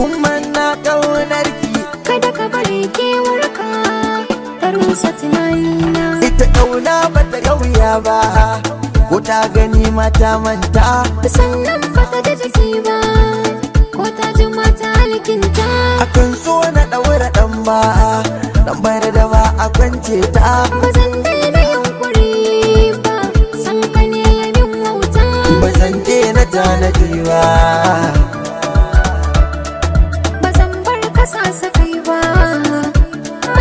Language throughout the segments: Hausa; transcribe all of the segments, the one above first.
kuma na ƙaunar ki kada ka bari kewar ka rusa tunanina ita ƙauna ba ta gauya ba ko ta gani mata manta sannan ba ta ga jiki ba ko ta ji mata a kan so na ɗaura dan ba ɗan bayar da ba a kwance ta ba zan daina yunkuri ba san kane ya wauta ba zan daina tanadi ba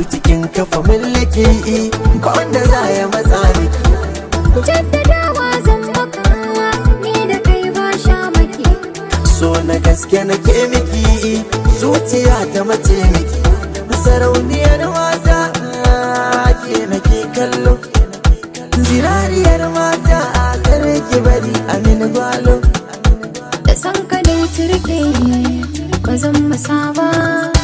yanzu cikin kafa mallake i wanda za ya matsa miki jaddadawa zan maka ni da kai ba sha maki so na gaske na ke miki zuciya ta mace miki sarauniyar mata ke nake kallo zirariyar mata a kare ki bari amin gwalo da san ka dai turke ba zan masa ba